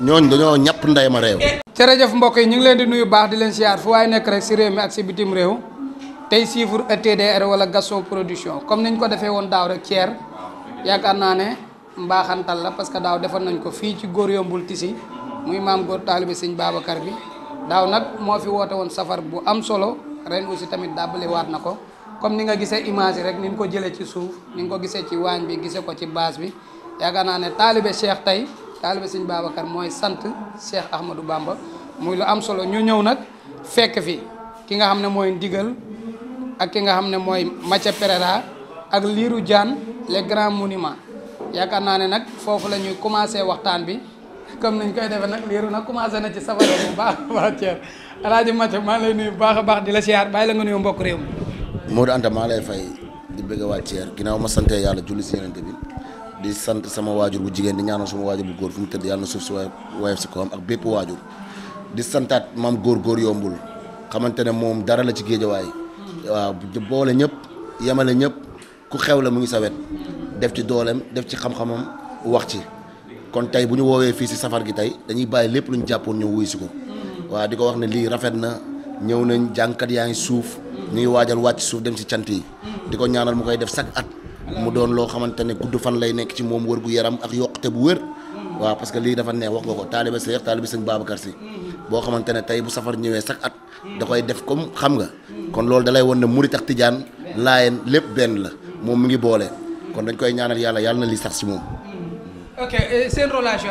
ñooñ dañoo ñàpp ndey ma réew. jërëjëf mbokk yi ñu ngi leen di nuyu baax di leen siyaar fu waaye nekk rek si réew mi ak si bitim réew tey suivre ETDR wala Gaston Production comme niñ ko defee woon daaw ceer yaakaar naa ne mbaaxantal la parce que daaw defoon nañ ko fii ci góor yombul tisi muy maam góor taalibe sëñ Babacar bi daaw nag moo fi woote woon safar bu am solo ren aussi tamit dàbbaliwaat na ko comme ni nga gisee image rek ni nga ko jëlee ci suuf ni nga ko gisee ci waañ bi gisee ko ci base bi yaakaar naa ne taalibe Cheikh tey taalibe sëñ Babacar mooy sant Cheikh Ahmadou bàmba muy lu am solo ñu ñëw nag fekk fi ki nga xam ne mooy ndigal ak ki nga xam ne mooy Mathia Pereira ak Lirou Diane les grands monuments yaakaar naa ne nag foofu la ñuy commencé waxtaan bi comme nañ koy defee nag Lirou nag commencé na ci safara bu baax a baax Thierno El Hadj Mathia maa lay nuyu baax a baax di la siyaar bàyyi la nga nuyu mbokk réew moo Modou Anta maa lay fay di bëgg a waa Thierno ginnaaw ma sante yàlla julli si yeneen di sant sama waajur bu jigéen di ñaanal suma waajur bu góor fu mu tëdd yàlla na suuf si woyof si kawam ak bépp waajur di santaat maam góor góor yombul xamante ne moom dara la ci géejawaay waaw boole ñëpp yemale ñëpp ku xew la mu ngi sawet def ci dooleem def ci xam-xamam wax ci kon tey bu ñu woowee fii si safar gi tey dañuy bàyyi lépp lu jàppoon ñëw wuy si ko waa di ko wax ne lii rafet na ñëw nañ jàngkat yaa ngi suuf ñu ngi waajal wàcc suuf dem si cant yi di ko ñaanal mu koy def chaque at mu doon loo xamante ne gudd fan lay nekk ci moom wér gu yaram ak yokkute bu wër waaw parce que lii dafa neex wax nga ko taaliba Seex taaliba sëñ Babacar Si boo xamante ne tey bu safar ñëwee chaque at da koy def comme xam nga kon loolu dalay won ne murit ak tijaan laayeen lépp benn la moom mi ngi boole kon dañ koy ñaanal yàlla yàlla na li sax si moom. Euh,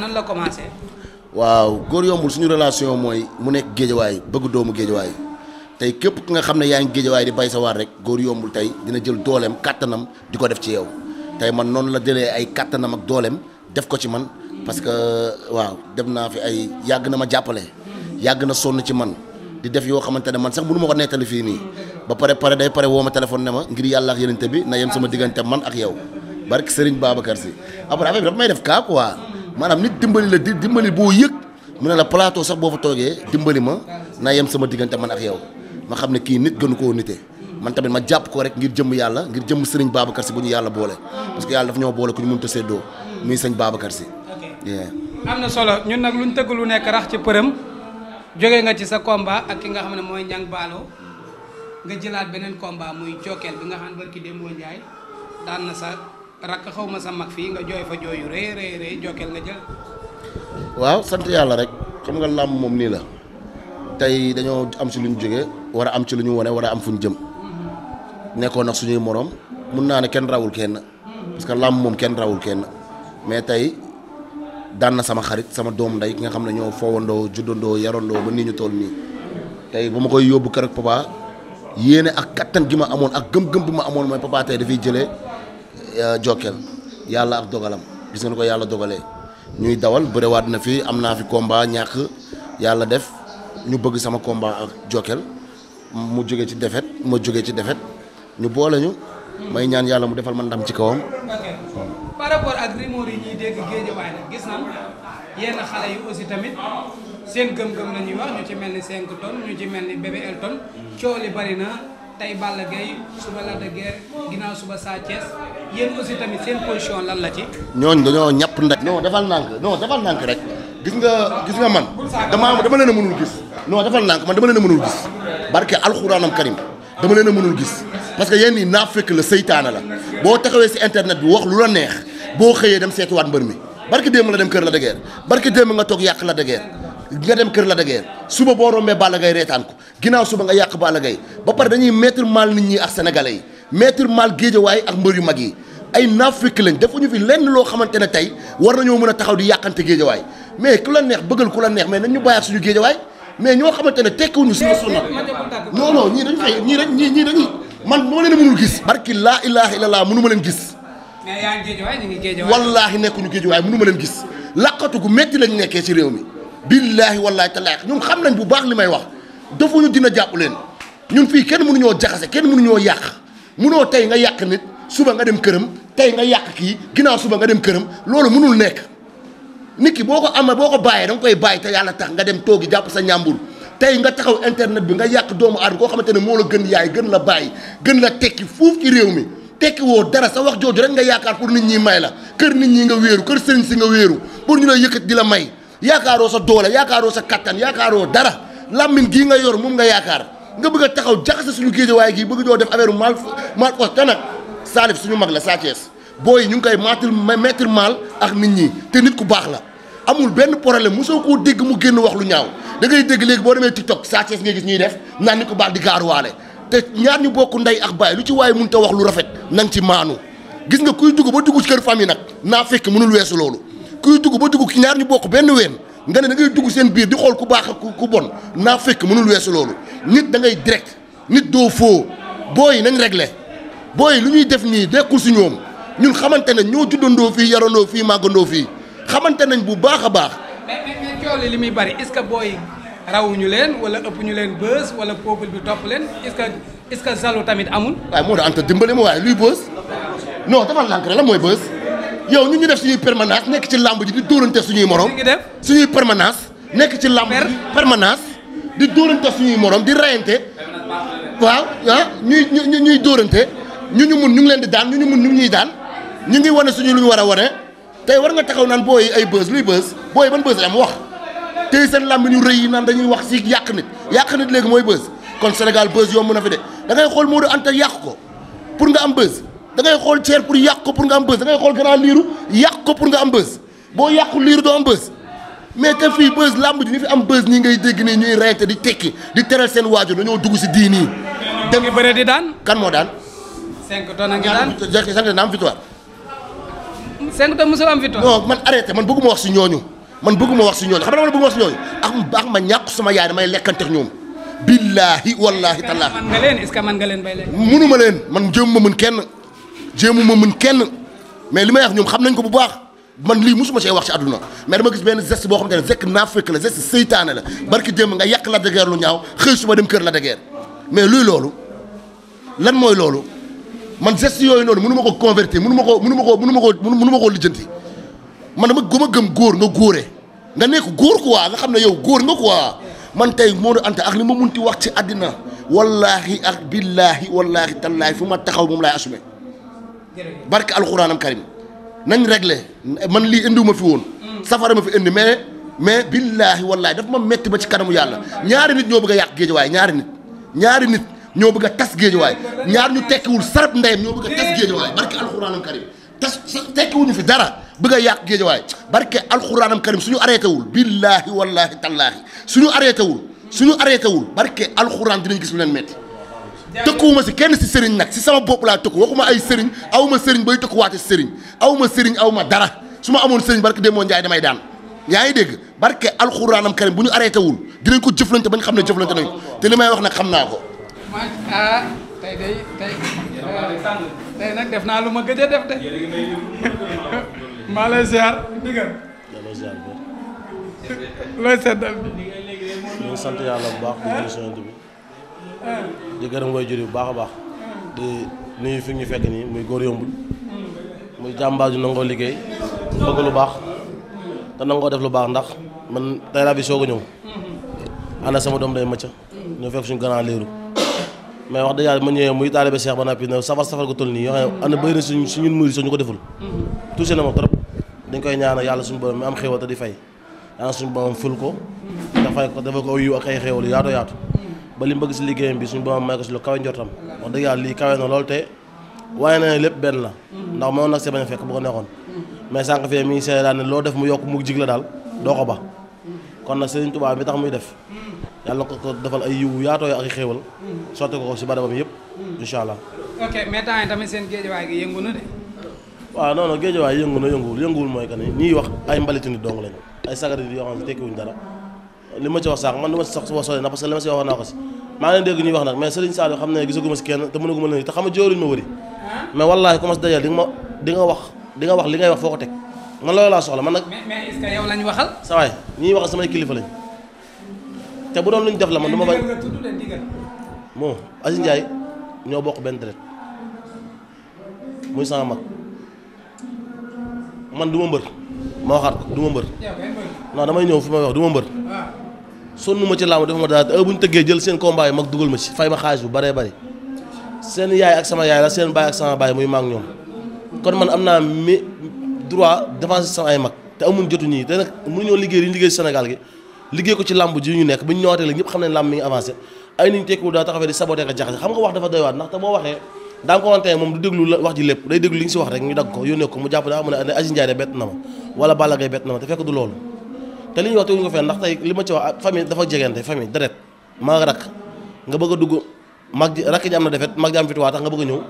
nan la commencé. waaw góor yombul suñu relation mooy mu nekk géejawaay bëgg doomu géejawaay. tey képp ki nga xam ne yaa ngi géejawaay di bay sa waar rek góor yombul tey dina jël dooleem kàttanam di ko def ci yow tey man noonu la jëlee ay kàttanam ak dooleem def ko ci man parce que waaw dem naa fi ay yàgg na ma jàppale yàgg na sonn ci man di def yoo xamante ne man sax mënu ma ko nettali fii nii ba pare pare day pare woo ma téléphone ne ma ngir yàlla ak yenente bi na yem sama diggante man ak yow barke Serigne Babacar si après affaire bi dafa may def kaa quoi maanaam nit dimbali la di dimbali boo yëg mu ne la plateau sax boo fa toogee dimbali ma na yem sama diggante man ak yow ma xam ne kii nit gënu koo nite man tamit ma jàpp ko rek ngir jëmm yàlla ngir jëmm sëriñ Babacar si bu ñu yàlla boole parce yàlla daf ñoo boole ku ñu mënut a séddoo muy sëñ Babacar si. am na solo ñun nag luñ tëgg lu nekk rax ci përëm jóge nga ci sa combat ak ki nga xam ne mooy njàng Ballo nga jëlaat beneen combat muy jokkeel bi nga xam barki Demba Ndiaye daan na sa rakk xaw ma sa mag fii nga jooy fa jooyu rëy rëy rëy jokkeel nga jël. waaw sant yàlla rek xam nga nii la. tey dañoo am ci lu ñu jógee war a am ci lu ñu wone war a am fu ñu jëm nekkoon nag suñuy moroom mun naa ne kenn rawul kenn parce que làmb moom kenn rawul kenn mais tey daan sama xarit sama doom ndey ki nga xam ne ñoo foowandoo juddandoo yarandoo ba nii ñu tool nii tey bu ma koy yóbbu kër ak papa yéene ak kattan gi ma amoon ak gëm-gëm bi ma amoon mooy papa tey dafay jëlee euh, jokkeel yàlla ak dogalam gis nga ko yàlla dogalee ñuy dawal bëriwaat na fi am naa fi combat ñàkk yàlla def. ñu bëgg sama combat ak Jokal mu jóge ci defet ma jóge ci defet ñu boole ñu. may ñaan yàlla mu defal ma ndam ci kawam. par rapport ak rumeur yi ñuy dégg géejawaay nag gis nañ yenn xale yu aussi tamit seen gëm-gëm la wax ñu ci mel ni 5 tonnes ñu ci mel ni bébé Elton coow li tey Balla Gaye suba Lac de Guiers suba Sa Thiès aussi tamit seen position lan la ci. ñooñ dañoo ñàpp ndax. non defal nànk non defal nànk rek. gis nga gis nga man dama dama leen a mënul gis non defal nànk man dama leen a mënul gis barke alxuraanam karim dama leen a mënul gis parce que yéen ñii naa fekk la seytaane la boo taxawee si internet bi wax lu la neex boo xëyee dem seetuwaat mbër mi barke démb la dem kër la dëgër barke démb nga toog yàq la dëgër nga dem kër la dëgër suba boo rombee Balla Gaye reetaan ko ginnaaw suba nga yàq Balla gay ba pare dañuy mettre mal nit ñi ak sénégalais yi mettre mal géejawaay ak mbër yu mag yi ay naafik lañ defuñu fi lenn loo xamante ne tey war nañoo mën a taxaw di yàqante géejawaay mais ku la neex bëggal ku la neex mais nañ ñu bàyyaat suñu géejawaay mais ñoo xamante ne tekkiwuñu suñu sunna non non ñii dañu fay ñii dañ ñii ñii dañuy man moo leen mënul gis barki laa ilaha illallah mënu ma leen gis mais yaa ngi géejawaay ñu ngi géejawaay wallaahi nekkuñu géejawaay mënu ma leen gis laqatu gu métti lañ nekkee ci réew mi billaahi wallaahi tallaahi ñoom xam nañ bu baax li may wax ñu dina jàpp leen ñun fii kenn mënuñoo jaxase kenn mënuñoo yàq mënoo tey nga yàq nit suba nga dem këram tey nga yàq kii ginnaaw suba nga dem këram loolu mënul nekk nit ki boo ko amee boo ko bàyyee da koy bàyyi te yàlla tax nga dem toogi jàpp sa ñàmbur tey nga taxaw internet bi nga yàq doomu aadama koo xamante ne moo la gën yaay gën la bàyyi gën la tekki fuuf ci réew mi tekki woo dara sa wax jooju rek nga yaakaar pour nit ñi may la kër nit ñi nga wéeru kër sëriñ si nga wéeru pour ñu la yëkkat di la may yaakaaroo sa doole yaakaaroo sa kattan yaakaaroo dara làmmiñ gii nga yor moom nga yaakaar nga bëgg a taxaw jaxase suñu géejawaay gii bëgg doo def affaire mal mal os te nag Salif suñu mag la Sa booy ñu ngi koy maatil mettre mal ak nit ñi te nit ku baax la amul benn problème mosoo koo dégg mu génn wax lu ñaaw da ngay dégg léegi boo demee TikTok saa Thiès ngay gis ñuy def naa nit ko baax di gaaruwaale te ñaar ñu bokk ndey ak baay lu ci waaye mun te wax lu rafet na nga ci maanu gis nga kuy dugg ba dugg ci kër famille nag naa fekk mënul weesu loolu kuy dugg ba dugg ci ñaar ñu bokk benn ween nga ne da ngay dugg seen biir di xool ku baax ak ku bon naa fekk mënul weesu loolu nit da ngay direct nit doo foo booy nañ réglé booy lu ñuy def nii dekkul si ñoom ñun xamante nañ ñoo juddandoo fii yarandoo fii màggandoo fii xamante nañ bu baax a baax. mais li muy bari est-ce que booy rawuñu leen wala ëpp ñu leen bës wala peuple bi topp leen est que est tamit amul. waaye moo tax Anta dimbali ma waaye luy bës non dafa lànk rek la mooy bës yow ñu ñu def suñuy permanence nekk ci làmb ji di dóorante suñuy morom. suñuy permanence. nekk ci làmb ji permanence. di dóorante suñuy morom di rayante. waaw ah ñuy ñuy ñuy dóorante ñu ñu mun ñu leen di daan ñu ñu mun ñu ñuy daan. ñu ngi wane suñu lu ñu war a wane tey war nga taxaw naan booy ay bës luy bës booy ban bës la am wax tey seen làmb ñu rëy yi naan dañuy wax si yàq nit yàq nit léegi mooy bës kon Sénégal yoo yomb na fi de dangay xool moo Anta yàq ko pour nga am bës da ngay xool Thier pour yàq pour nga am bës da ngay xool Grand Lirou yàq ko pour nga am bës boo yàqu Lirou doo am bës mais te fii bës làmb ji ñu fi am bës ñi ngay dégg nii ñuy reyante di tekki di teral seen waajur dañoo dugg si diin yi. dem bëre di daan kan moo daan. 5 tonnes a ngi daan. am victoire. cinq tombes musul am man arrêté man bëgguma wax si ñooñu man bëgguma wax si ñooñu xam nga man bëgguma wax si ñooñu ak mu baax ma ñàkk sama yaay damay lekkante ak ñoom. billaahi wallaahi tallaahi. man nga leen est-ce man nga leen ma leen man jéemu ma mën kenn jéemu ma mën kenn mais li may wax ñoom xam nañ ko bu baax man lii musuma see wax ci àdduna mais dama gis benn geste boo ne fekk naa fekk la geste seytaane la barki jéem nga yàq la de guerre lu ñaaw xëy suba dem kër la de mais luy loolu lan mooy loolu man geste yooyu noonu mënu ma ko convertir mënu ma ko mënu ma ko mënu ma ko mënu ma koo lijjanti man dama gëm a gëm góor nga góore nga nekk góor quoi nga xam ne yow góor nga waa man tey Modou Anta ak li ma munti wax ci àddina wallaahi ak billaahi wallaahi tallaahi fu ma taxaw moom laay assumé barke alxuraanam karim nañ réglé man lii indiwuma fi woon safara ma fi indi mais mais billaahi wallaahi daf ma metti ba ci kanamu yàlla ñaari nit ñoo bëgg a yàq géej waaye ñaari nit ñaari nit ñoo bëgg a tas géejuwaay ñaar ñu tekkiwul sarab ndeyam ñoo bëgg a tas géejuwaay barke alxuraanam karim tas tekkiwuñu fi dara bëgg a yàq géejuwaay barke alxuraanam karim suñu arrêté wul billaahi wallaahi tallaahi suñu arrêté wul suñu arrêté wul barke alxuraan dinañ gis lu leen metti tëkkuwuma si kenn si sëriñ nag si sama bopp laa tëkku waxuma ay sëriñ awma sëriñ bay tëkkuwaate si sëriñ awma sëriñ awma dara su ma amoon sëriñ barke Demba Ndiaye damay daan yaa ngi dégg barke alxuraanam karim bu ñu arrêté wul dinañ ko jëflante bañ xam ne jëflante nañ te wax nag xam naa ko Ah, eh, tey nag def naa lu ma gëj a def de. maa looy seddal bi. ñu sant yàlla bu baax di nuyu sant eh? bi. Eh? di gërëm way juri bu baax a baax. di nuyu fi ñu fekk nii muy góor yombul. muy jàmbaar ju nangoo liggéey. bëgg lu baax. te nangoo def lu baax ndax man tey laa bi soog a ñëw. ànd mm-hmm. sama doom day mëcca. Mm-hmm. ñu fekk suñu grand léeru. mais wax dëgg yàlla ma ñëwee muy taalibe Cheikh ba noppi ne safar safar ko mm-hmm. toll na ma trop dañ koy ñaanal yàlla suñu borom mi am xéwal te di fay yàlla suñu borom ful ko mm-hmm. dafay ko dafa ko aw yiw ak ay xéwal yu yaatu mm-hmm. ba li mu bëgg liggéeyam bi suñu borom may ko si lu kawe njortam wax na lool te waaye na lépp benn la ndax moo nag see bañ a fekk mais sànq mi ngi seey daal ne loo def mu yokk mu jig la daal doo ko ba kon nag Serigne Touba bi tax muy def yàlla ko ko defal ay yiw yaatooy ak xéewal mm. sotti ko ko si barabam yëpp mm. incha allah ok mais temps yi tamit seen géejawaay gi yëngu na de waaw non géejawaay yëngu yënguwul yënguwul mooy que ni wax ay mbaliti nit dong lañu ay sagari nit yoo xam ne tekkiwuñ dara li ma ci wax sax man du ma si sax suma sole na parce li ma si wax naa ko si maa ngi leen dégg ñuy wax nag mais Serigne Saliou xam ne gisaguma si kenn te mënaguma leen te xam nga ah. ma di ma di wax di nga wax li ngay wax foo ko teg man laa soxla man nag mais est-ce ñiy waxal samay kilifa lañ te bu doon lu ñu def la man du ma bañ bon Aziz Ndiaye ñoo bokk benn deret muy sama mag man du ma mbër ma waxaat ko du ma mbër non damay ñëw fu may wax du ma mbër ah. sonn ma ci laamu dafa ma daal te bu ñu tëggee jël seen combat yi mag dugal ma ci fay ma xaalis bu bëree bëri seen yaay ak sama yaay la seen baay ak sama baay muy maak ñoom kon man am naa mi droit défense sama mag te amuñ jotu ñii te nag mënuñoo liggéey li ñu liggéey Sénégal gi liggéey ko ci làmb ji ñu nekk bu ñu ñëwaatee la ñëpp xam ne làmb mi ngi ay niñ tekkiwul daa taxawee di saboté ak jaxase xam nga wax dafa doy ndax te boo waxee daa ko wante moom du déglu wax ji lépp day déglu li nga ma wala Balla Gaye bett dafa jegente famille deret maa nga bëgg a dugg mag ji rakk ji am na defet mag ji am waa tax nga bëgg a ñëw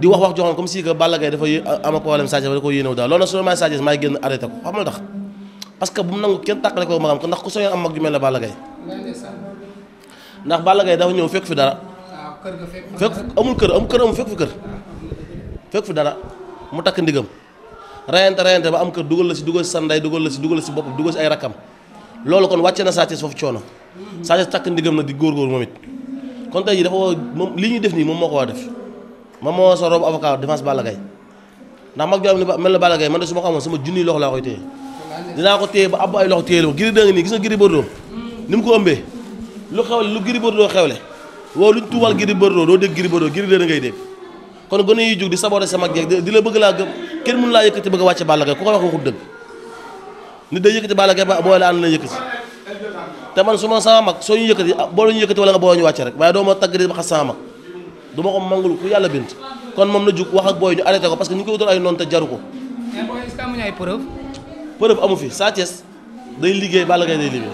di wax wax joxoon comme si que Balla Gaye dafa ama problème Sa Thiès ba da ko yéenew daal loolu nag su may Sa Thiès génn arrêté ko xamal tax parce que bu mu nangu kenn tàqale ko magam ndax ku soñoon am mag ju mel ne Balla Gaye ndax Balla dafa ñëw fekk fi dara fekk amul kër amul kër amul fekk fi kër fekk fi dara mu takk ndigam rayante rayante ba am kër dugal la si dugal si sanday dugal la si dugal si boppam dugal si ay rakkam loolu kon wàcce na Sa Thiès foofu coono Sa Thiès takk ndigam na di góor moom it kon tey dafa woo moom li ñuy def nii moom moo ko war a def moom moo sa robu avocat défense Balla Gaye am ne mel ma ko laa koy téye dinaa ko téye ba abbu ay loxo téye la ko Gris da nga nii gis nga Gris Bordeaux mm. ni mu ko ëmbee lu xewle lu Gris Bordeaux xewle woo luñ tuumal Gris doo dégg Gris Bordeaux ngay dégg kon gone yi jóg di saboté sa mag jeeg di la bëgg laa gëm kenn mënu laa yëkkati bëgg a wàcce Balla Gaye ku ko wax waxut dëgg nit day yëkkati Balla Gaye ba booy la ànd yëkkati te man su ma sama mag soo ñu yëkkati ah, boo la ñu yëkkati wala nga boo ñu wàcce rek waaye doo tagg di ba la jug wax ak booy ñu arrêté ko preuve amu fi Sa Thiès day liggéey Balla Gaye day liggéey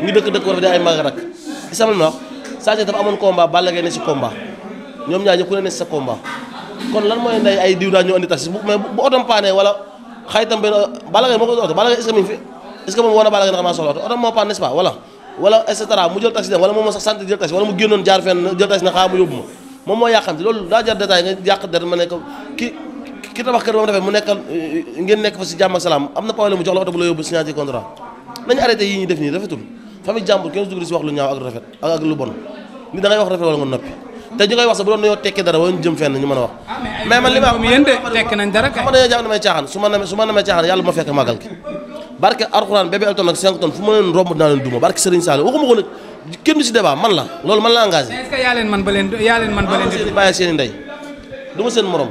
mu ngi dëkk dëkk war a day ay mag rak isaml na wax Sa Thiès dafa amoon combat Balla Gaye ne si combat ñoom ñaar ñëpp ku ne ne si sa combat kon lan mooy nday ay diw daa ñoo andi taxi bu mais bu otom paane wala xayitam benn Balla moo ko oto Balla Gaye est fi est moom woon na Balla Gaye na xam naa soxla oto otom moo paan n'est-ce pas wala wala et cetera mu jël taxi dem wala moom moo sax sant jël wala mu génnoon jaar fenn jël taxi moo yàqamti loolu daa jar détail ma ko ki tabax kër ba mu rafet eh, ngeen nekk fa si jàmm ak salaam am na problème mu jox la oto bu la yóbbu signature contrat nañu arrêté yii ñuy def nii rafetul famille jàmbur kenn a wax ah, mais man li du si débat man la loolu man la engagé est-ce ah, ndey du seen morom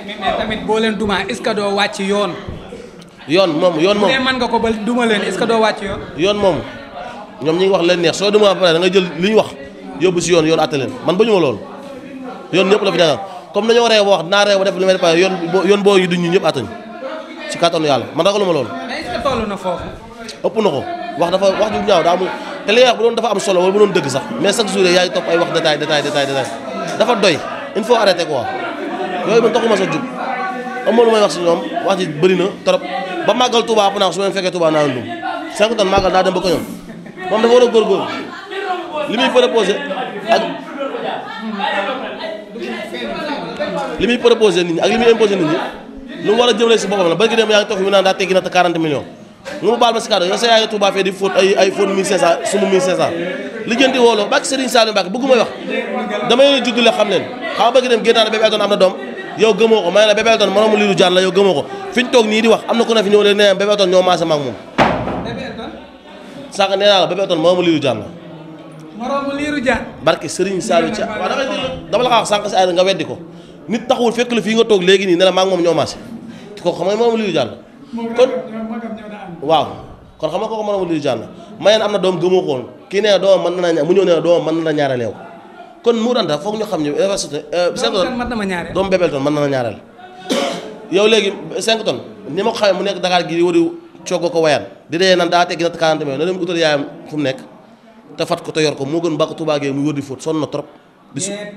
tamit boo leen duma est doo wàcc yoon. yoon moom yoon moom mën nga ko ba duma leen est-ce que doo wàcc yoon. moom ñoom ñi ngi wax leen neex soo duma ba pare da nga jël li ñu wax yóbbu si yoon yoon àtte leen man ba ñu ma loolu yoon ñëpp la fi jàngal comme dañoo reew ba wax dinaa reew ba def li may def yoon boo yoon boo yi duñ ñu ñëpp àttañ ci kàttanu yàlla man ragalu ma loolu. na foofu. ëpp na ko wax dafa wax ju ñaaw daa mu te li nga wax bu doon dafa am solo wala bu doon dëgg sax mais chaque wax détail détail détail détail yooyu man taxuma sa jug amul lu may wax si ñoom wax ji bëri na trop ba màggal Touba ap su ma fekkee Touba naa leen cinq tonnes màggal daa dem ba ko ñoom moom dafa war a góorgóorlu li muy proposé ak li muy proposé nit ñi ak li muy imposé nit ñi lu war a jëmale si boppam la barki dem yaa toog fi mu naan daa teggi na te 40 millions nga mu baal ma si kàddu yow sa yaay Touba fee di fóot ay fóot 1500 sumu 1500 lijjanti wooloo bàkk Serigne Saliou Mbacke bëgguma wax damay leen xam leen xam nga barki dem génnaana yow gëmoo ko ma ne la Bébé Elton moromu Lirou la yow gëmoo ko fi ñu toog nii di wax am na ku ne fi ñëw rek nee Bébé Elton ñoo maase ma ak moom. la Bébé Elton moromu Lirou dama la ko wax si ay nga weddi ko nit taxawul fekk la fii nga toog léegi nii ne la maa moom ñoo maase ko xam nga moromu Lirou Diane la. kon waaw kon xam nga ko moromu Lirou Diane la mayeen am na doom gëmoo ko woon kii nee na doomam mën na mu ñëw nee na doomam mën na ñaaraleew kon Mour Anta foog ñu xam ne université. 5 euh, tonnes mën na ma ñaareel doomu bébel tonne mën na ma yow léegi 5 tonnes ni ma ko xamee mu nekk Dakar gii wari cogoo ko wayaan di dee nan daa teggi na 40 millions na dem utal yaayam fu mu nekk te fat ko te yor ko moo gën bàkk Touba Gueye mu wër di fóot sonn na trop. bis eh,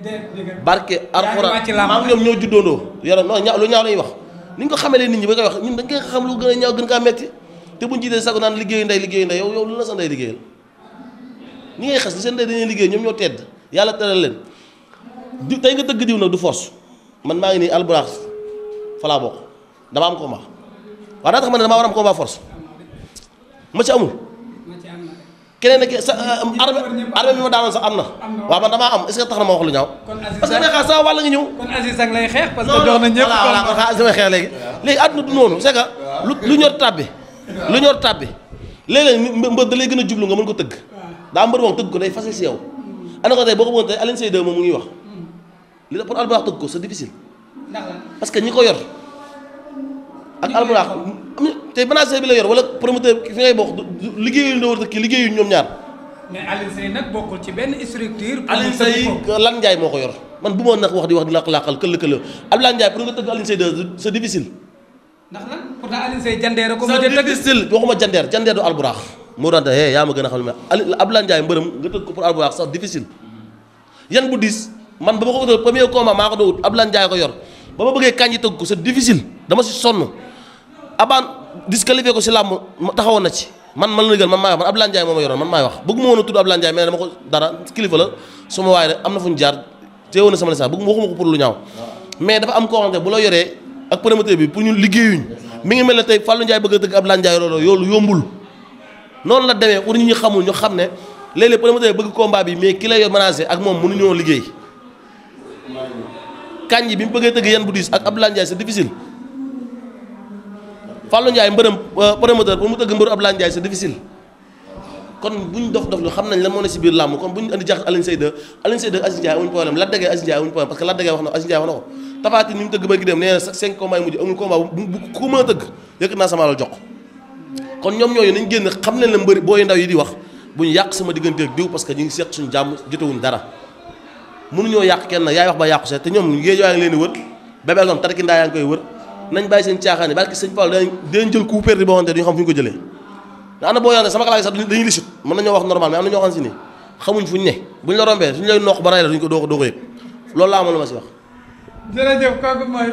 barke Alxuraan maa ñoom ñoo juddoondoo yàlla non ñaaw lu ñaaw lañuy wax ni nga ko xamalee nit ñi ba koy wax ñun dañ koy xam lu gën a ñaaw gën kaa metti te buñ jiitee sago naan liggéeyu ndey liggéeyu ndey yow yow lu la sa ndey liggéeyal ñi ngay xas li seen ndey liggéey ñoom ñoo tedd yàlla tëral leen di tey nga tëgg diw nag du force man maa ngi nii alburax fa laa dama am combat waaw daa tax ma ne damaa war am combat force ma ci amul. keneen ak sa euh, armée armée bi ma daanoon sax am na. waaw man damaa am est-ce que tax na ma wax lu ñaaw. parce que damay xaar sama wàll nga ñëw. kon Aziz ak lay xeex. parce que jox na ñëpp voilà kon léegi. léegi àdduna du noonu c'est lu lu ñor tàbbi. lu ñor tàbbi léeg-léeg mbër da gën a jublu nga mën ko tëgg. daa mbër moom alors que tey boo ko bëggoon tey Alioune Seye moom mu ngi wax li la pour Albourakh tëgg ko c'est difficile. ndax parce que ñi ko yor. ak Albourakh tey manager bi la yor wala promoteur fi ngay bokk liggéeyu la a kii liggéeyu ñoom ñaar. mais Alioune nag bokkul ci benn structure. Alioune Seye Lan Ndiaye moo ko yor man bu ma nag wax di wax di làq-làqal këll këll ab Lan Ndiaye pour nga tëgg Alioune Seye 2 c'est difficile. ndax lan pourtant Alioune Seye jandeer ko. c'est difficile moo daan tax yaa ma gën a xam ne Aliou Abdoulaye Ndiaye mbërëm nga tëgg ko pour Albourakh sax difficile yan bu diis man ba ma ko utal premier combat maa ko doon wut Abdoulaye Ndiaye ma bëggee kànji tëgg ko c'est difficile dama si sonn abaan disqualifié ko si làmb taxawoon na man man la gën man maay wax man Abdoulaye Ndiaye moo ma maay wax bëgg ma woon a tudd Abdoulaye Ndiaye mais dama ko dara kilifa la am na fu ñu jaar teewoon sama licence bëgg ma ko pour lu ñaaw mais dafa am koo xam ne bu la yoree ak promoteur bi pour ñu liggéeyuñ mi ngi mel ne tey Fallou Ndiaye bëgg a tëgg Abdoulaye Ndiaye loolu yombul noonu la demee pour ñi ñu xamul ñu xam ne léeg-léeg promoteur bëgg combat bi mais ki lay yor manager ak moom mënuñoo liggéey. Kandji bi mu bëggee tëgg yenn bu diis ak Abdoulaye Ndiaye c'est difficile. Fallou Ndiaye mbërëm euh, promoteur pour mu tëgg mbëru Abdoulaye Ndiaye c'est difficile. kon bu ñu dof dof lu xam nañ lan moo ne si biir làmb kon bu ñu andi jaxas Alioune Seye 2 Alioune Seye 2 Aziz Ndiaye amuñu problème Lac de Guiers Aziz Ndiaye amuñu wax na Aziz Ndiaye wax na ko Tapha Tine ni mu naa sama alal jox kon ñoom ñooñu nañ génn xam ne la mbëri booy ndaw yi di wax bu ñu yàq sama diggante ak diw parce ñu ngi seq suñu jàmm jotewuñ dara mënuñoo yàq kenn nag yaay wax ba yàqu seet te ñoom géej yaa am na boo xam ne sama xalaat sax dañuy lisut mën nañoo wax normal mais am na ñoo xam si ni xamuñ fuñ ne buñ la rombee suñ lay noq ba ray la duñ ko doo ko doo ko yëg loolu laa amal ma si wax jërëjëf kooku mooy